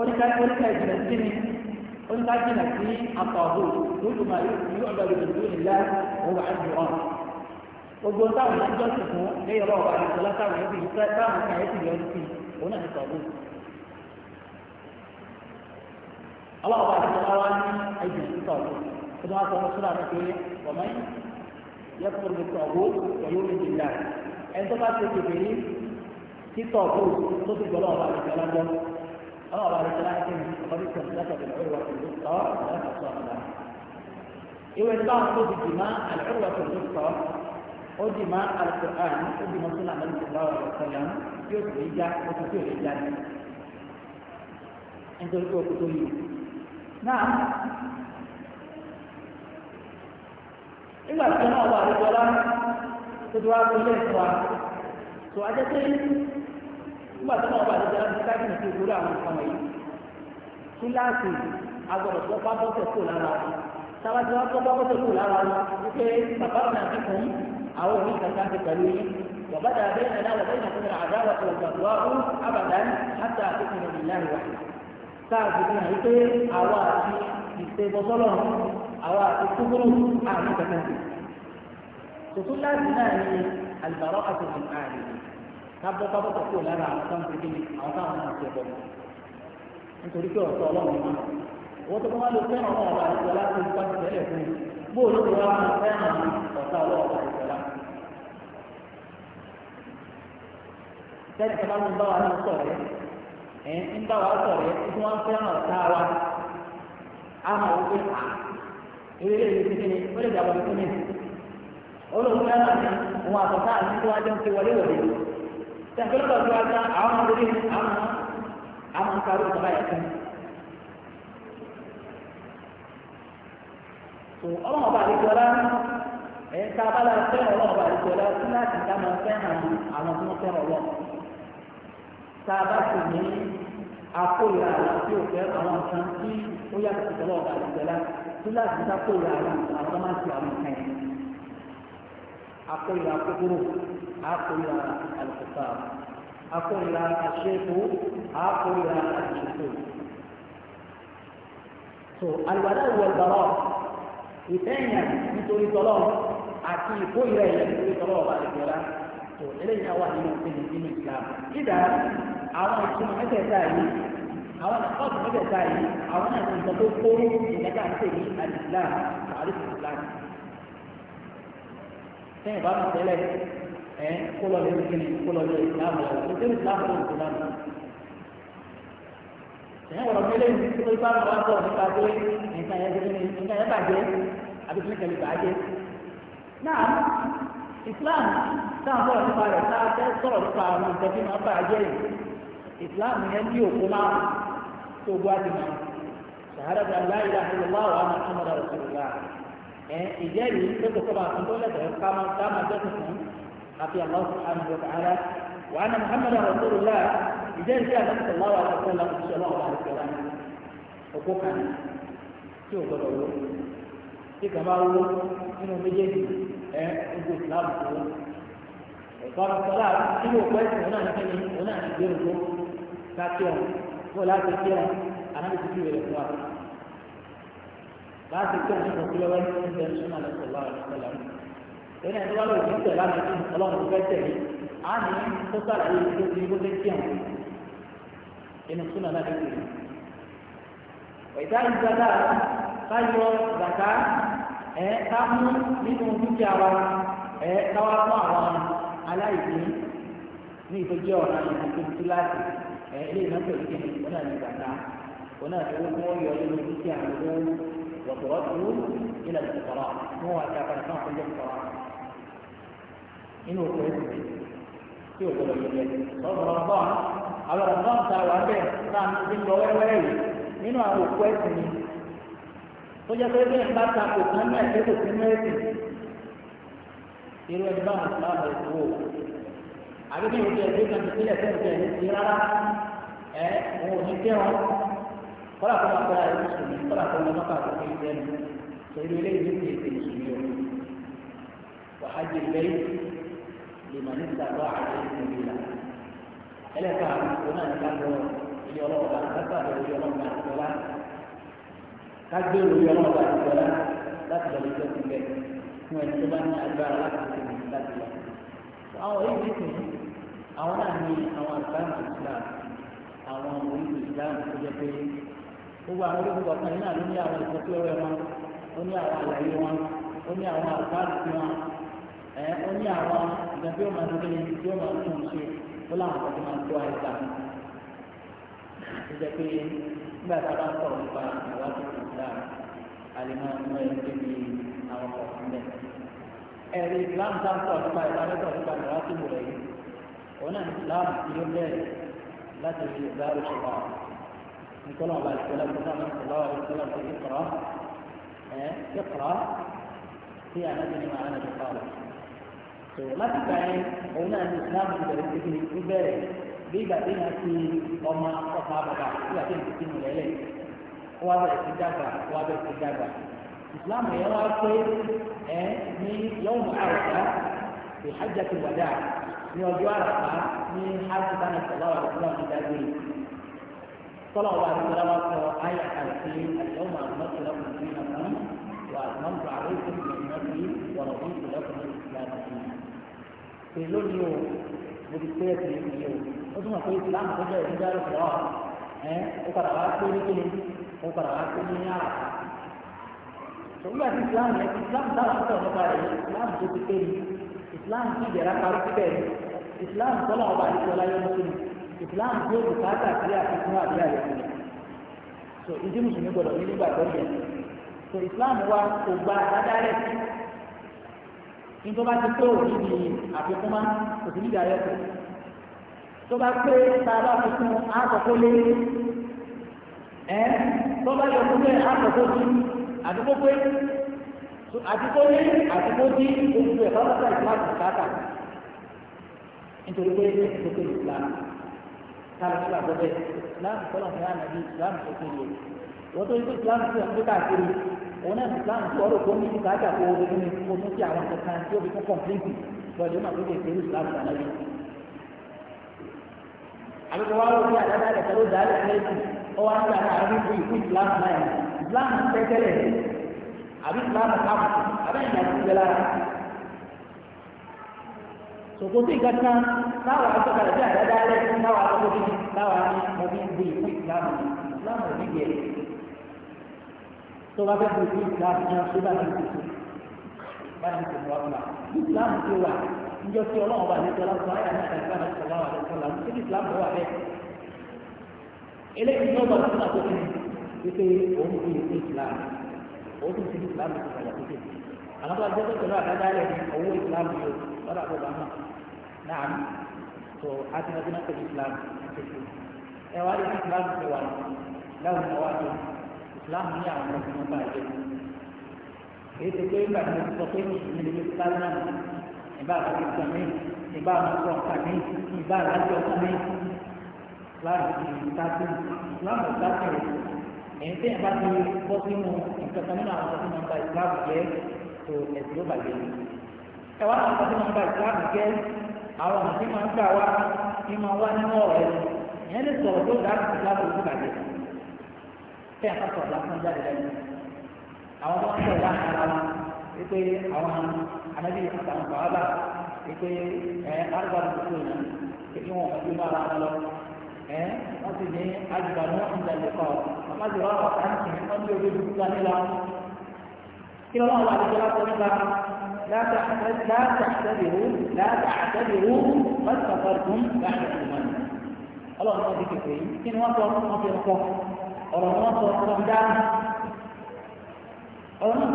oníkà oníkà ìjìnlẹ̀ sí ni oníkà jìnà sí àpàbù lójú máa yóò ọ̀dọ̀ ìdòdó ìlà òwò àjù ọ̀rọ̀ gbogbo táwọn náà jọ sí fún lẹ́yìn ọlọ́run bá ti jọlá táwọn ẹbí táwọn kan ẹbí yọ sí òun náà ti pàbù. ọlọ́run bá ti jọlá wá ní ẹ̀jẹ̀ sí pàbù ó ti wá sọ ọ́ yẹ́pọ̀ ní tọ̀gbó pẹ̀lú ìdìlá ẹni tó bá ti tètè ní títọ̀ kú tó ti gbọ́dọ̀ ọba àti ìjọba gbọ́ ọlọ́ọ̀bá àti ìjọba ti ní ọdún tó ti látọ̀ bẹ̀rẹ̀ òwúrọ̀ tó ti tọ́ láti sọ ọ̀la. ìwé ní báwọn tó ti dì má àlùkòrò tó tọ́ ó dì má Al-Qur'an ó dì má tó bá wà nígbà tí wọn wà ní bọlá tó ti wá fún ilé ìtura tó a jẹ pé nígbà tí wọn wà ní bọlá tó káàkiri ti ìgboro àwọn nǹkan wọ̀nyí kíláàsì agbọ̀dọ̀ tó bá bọ́sẹ̀ kó lára wọn sábàtì wọn tó bá bọ́sẹ̀ kó lára wọn wípé bàbá wọn àti kùn àwọn òní kankan ti pẹ̀lú yín bàbá dàbẹ́ ẹ̀dá wọ̀bẹ́ ìnàkúnra àdáwà tó gbàgbọ́ àbàdàn àtà àwọn àti kúkúrú àrùn kankan sí. tòtún láti náà ní àlùbárọ́ àti ìlú àrùn kábọ́ kábọ́ kọ̀kọ́ lára àwọn tó ń fi kíni àwọn táwọn náà ti bọ̀ nítorí pé ọ̀tọ̀ ọlọ́run náà owó tó bá lọ fẹ́ràn ọmọ ọba àti ìjọba tó ń bá ti tẹ́lẹ̀ fún bó ló ti wá máa fẹ́ràn ọ̀tá ọlọ́run àti ìjọba. sẹ́ni tó bá ń bá wa náà sọ̀rọ̀ ẹ̀ ń bá wa ìwé ilé ìwé kékeré ó lè dàgbà tó ní ìsìn olóhùn náà ní òun tó ti àwọn ọmọdé ní àwọn àwọn kárò ìjọba yẹn fún tó ọba àti ìjọba ẹ̀ ta abala ọba àti ìjọba láti dá àwọn akóyà àwọn tí ò fẹ́ àwọn nǹkan tí ó yàtọ̀ sí tọ́lọ́ ọ̀gá ìjọba kíláàsì níta kóyà àwọn àwọn tó máa ń ti àwọn nǹkan yẹn akóyà kúkúrú akóyà àlùkùsà akóyà àṣẹ́kù akóyà àṣẹ́kù. so àlùwàdà ìwọ ìgbàlọ́ ìfẹ́yìn nítorí tọ́lọ́ àti ìkóyà ìyẹn nítorí tọ́lọ́ ọ̀gá ìjọba so eléyìí náà wà nínú ìpínlẹ̀ nínú ìsìlámù àwọn ìtumọ̀ mẹ́tẹ̀ẹ̀ta yìí àwọn àkọ́ọ̀tù mẹ́tẹ̀ẹ̀ta yìí àwọn náà ti sọ pé kóró ìdájọ́ àti èyí àdìsílá sẹ́yìn bá mi tẹ́lẹ̀ ẹ̀ kó lọ lé kíni kó lọ lé ìsìlámù rẹ̀ kó lé ìsìlámù rẹ̀ kó lánà. sẹ́yìn wọ̀rọ̀ mẹ́lẹ̀ ní bá mi wá nípa pé nǹkan sọ̀rọ̀ nípa rẹ̀ sọ̀rọ̀ nípa àwọn yìí ìsìláàmù yẹn ní òkú máa tó gbá ti mọ̀ ṣàhádà bí aláì láàrin láwọ̀ àwọn àtúmọ̀dá rẹ̀ sọ̀rọ̀ yá ẹ ìjẹ́ yìí tó kọ́ kọ́ bá fún tó lẹ́tọ̀ọ́ káma dáma jọ́sìn fún àti aláwọ̀ sùhánù wọ̀ tààrà wà á nà muhammadu rẹ̀ sọ̀rọ̀ yá ìjẹ́ yìí àti sọ̀láwọ̀ àtúmọ̀dá rẹ̀ sọ̀rọ̀ wà á sọ̀rọ̀ òkú kan tí ò gbọdọ̀ wọ tí kàmá wọ nínú méjèèjì ẹ ogun ìsìláàmù tó wọ àti sọ̀lá òkú ẹ̀sìn òun náà ní kákíọ̀ bó láti kíọ̀ anábì ti kíwèé rẹ̀ fún wa. láti kíọ̀ ní ìfọ̀kú lọ́wọ́ ní ìfẹ́ súnmọ́ lọ sọ̀rọ̀ àwọn ìfọ̀lá mi. lẹ́yìn ẹ̀dọ́ wà lóògùn tẹ̀ láti kí ọlọ́run ti fẹ́ tẹ̀lé á ní tó sàlàyé tó ti kó fẹ́ kíọ̀ inú súnmọ́ náà ti kíwèé. ìdá ìjọba káyọ̀ zàká ẹ̀ ká mú nínú dúkìá wa ẹ̀ káwá fún àwọn aláìsí ní ìtọ́jú ọ̀nà ìdíkùn kíláàsì ilé ìnáwó ìdíje ní ọ̀nà ní bàtà ọ̀nà tó kó wọ́n yọ nínú títí àwọn owó wọ̀tọ̀wọ́ tó ilẹ̀ ìfọ̀rọ̀ wọn wà dábàá náà fún ilé ìfọ̀rọ̀ nínú òkú ẹ̀sìn tí ò gbọdọ̀ yẹlẹ lọ́sọ̀rọ̀ bọ́ọ̀ àwọn ọ̀dọ́ ta wà bẹ́ẹ̀ náà ti ń lọ wẹ́rẹ́wẹ́rẹ́ yìí nínú àwọn òkú ẹ̀sìn ni tó jẹ́ pé bí ẹ̀ bá ta kò kán náà ẹ̀ àbí ní ìwé ẹgbẹ́ kan ìpínlẹ̀ fẹ́ẹ̀ fẹ́ẹ̀ ní ti rárá ẹ òun ò ní tẹ́ wọn kọ́lá kọ́lá kọ́lá rẹ̀ mùsùlùmí kọ́lá kọ́lá mọ́kà kò ní ìgbẹ́ mi torí ilé ìlú ti ètè mùsùlùmí o wà á jẹ ìgbẹ́ yìí lè mà ní ìtàgbọ́ àti ìgbẹ́ ìlà ẹlẹ́ka òun náà ní ká lọ ilé ọlọ́ọ̀dà látàbí ilé ọlọ́ọ̀dà àtìgbọ́lá ká gbé ilé ọlọ́ọ̀dà àtìgbọ́lá láti lọ ilé ọ̀sìn bẹ́ẹ̀ fún ẹni tó bá ní agbára láti lọ àwọn èyí ti sìn àwọn náà ní àwọn ìsìlámù ìsìlámù àwọn orílẹ̀ ìsìlámù tó jẹ́ pé gbogbo àwọn orílẹ̀ kọ̀ọ̀kan náà ló ní àwọn ìfọ́síwẹ́wẹ́ wọn ó ní àwọn àlàyé wọn ó ní àwọn àkáàtì wọn ẹ ó ní àwọn ìgbà tí ó ó láwọn tó máa ń tó tó pé nígbà tá a bá ń sọ̀rọ̀ nípa ìwádìí àwọn bẹ́ẹ̀ ẹ̀rí ń òun náà láàmù tí ó bẹ̀rẹ̀ láti fi ìdáàrú ṣọ̀rọ̀ nítorí ọba ìṣẹ̀lẹ̀ tó náà lọ́wọ́ ìṣẹ̀lẹ̀ tó ìṣẹ̀lẹ̀ tó ìkọ̀rọ̀ ẹ̀ ìkọ̀rọ̀ tí ànábi ni màá nàbí kọ́ọ̀lù. tó láti gbà yẹn òun náà ní ìsìláàmù ìbẹ̀rẹ̀ ti fi bẹ̀rẹ̀ bí ìgbà tí yẹn ti ọmọ ọ̀pá bàbà ìgbà tí yẹn ti mú lẹ́lẹ̀ wọ́n bẹ̀rẹ̀ ti dàgbà wọ́n bẹ̀rẹ̀ ti dàgbà. ìsìláàmù yẹn wá pé ẹ ní yọ̀ọ̀mù àwòrán ìhájà ti wàdà ní ọjọ́ àràpá ní hajjibana sọláwà ìṣúná ìdágbé sọláwà ìṣúná wa sọ ayé àti àyẹ̀wò àmọ́sọ̀lá kò sí ìlànà wà àmọ́sọ̀ àrẹ́sọ̀ ìlànà bí wọ̀rọ̀ bí ìṣúná kò ní ìlànà bí. èló ni o mo ti pé ẹsẹ̀ yìí o ó túmọ̀ pé islam tó bẹ̀rẹ̀ ní dáhùn sọ̀rọ̀ ẹ̀ ó padà wá pé ní kíni ó padà wá pé ní àràpá. sọ̀rọ̀ bí islam yẹn islam dáhùn sọ̀rọ̀ nípa rẹ̀ islam tó ti pé ni islam ti jẹ̀rá parí síbẹ̀ islam tọ́lá ọba àti tọ́lá yọ mùsùlùmí islam tí ó bùkátà sí àfikún àbíyá rẹ̀ fún mi so ìdí mùsùlùmí gbọdọ̀ ní nígbà tó yẹ so islam wa kò gba àdádálẹ̀ nítorí bá ti tó òní ni àfikún má kò sí nígbà yẹ kù tó bá pé tá a bá fikún á sọ kó lé ẹ tó bá yọ kó lé á sọ kó tún àdúgbò pé àti tó ní àti tó dí gbogbo ẹ̀fọ́ lọ́sẹ̀ ìsìláàmù káàkà nítorí pé ní ìdókòwò ìsìláàmù káàkiri ìsìláàmù tó bẹ́ẹ̀ ìsìláàmù tó lọ́sẹ̀ ànàbí ìsìláàmù tó kéde wọ́n tó ní pé ìsìláàmù tó ń gbé káàkiri òun náà ìsìláàmù tó ọ̀rọ̀ tó ní ìsìláàmù tó ń gbé kó tún sí àwọn kankan tí ó fi fún kọ̀m̀pléǹtì lọ́dún náà tó kéde tó ànàbí. àbíkọ wa wọ́n fi àbí ìlànà káàpù àbí ìyàtọ̀ ìjẹlá rẹ̀. sòkòtì kankan táwa àtọ́kàlẹ̀ sí àdáda rẹ̀ táwa àtọ́kọ́ bí táwa ní mọ̀bí bu ìlú ìsìlámù ìsìlámù òbí yẹ. tó bá fẹ́ bu ìlú ìsìlámù yẹn tó bá ní ìsìlámù bá ní ìsìlámù wà fún wa. ìsìlámù tó wà níjọ tí ọlọ́run bá ní ìsìlámù tó ayé àti ìsìlámù tó wà lẹ́sọ̀rọ̀ àwọn ìsìlámù tó wà bẹ́ẹ̀. eléyìí ní ọgbà tó ń òun ti di ìsìlámù ti sọ̀rọ̀ lókè àwọn tó ajẹ́ pẹ̀lú àdáda rẹ̀ ní owó ìsìlámù yóò lọ́dọ̀ àbúrò àmà náà tó àtìmọ́tìmọ́ pẹ̀lú ìsìlámù tètè ẹ wá lè fi ìsìlámù ti wà láwùjọ náà wá tó ìsìlámù ní àwọn ọmọ ìsìlámù bá yẹ èyí ti pé nígbà tí mo sọ pé mùsùlùmí ni mo ti sáré náà ìbá àti ìsàmì ìbá àmọ́tò ọ̀kà ìbá àlájọ ọ̀kà mi láàrin ìsìlámù ẹni tẹ́ bá ti bọ́ sínú nǹkan kan nínú àwọn ọ̀sán máa ń ba ìsìláàmù jẹ́ tó ẹ̀sìn ló bàjẹ́ ni. ẹ wá àwọn ọ̀sán máa ń ba ìsìláàmù jẹ́ àwọn ọ̀nà tí máa ń gbà wá tí máa wá nínú ọ̀rọ̀ ẹ̀ ìyẹn lè sọ̀rọ̀ tó dáa sí ìsìláàmù ló bàjẹ́ tẹ́ ẹ̀ bá sọ̀rọ̀ lásán jáde lẹ́nu àwọn tó ń sọ̀rọ̀ láàrin ara wọn wípé àwọn anábì àtàwọn bàbá wípé ẹ̀ ẹ eh, wọ́n ti ní àgbà ní ìdàlẹ̀ kọ́ bàbá ti rọrọ̀ káńtì wọ́n ti orí dúdú wa nílọ. kí ló wà lójú wa tó nípa láti àtẹ̀dẹ̀wò láti àtẹ̀dẹ̀wò wọ́n ti sọ̀tọ̀ dùn láti ìmọ̀ ní. ọlọ́run wọn ti kékeré yìí kí ni wọ́n sọ fún fi ń kọ́ ọ̀rọ̀ wọn sọ fún wọn dáhùn.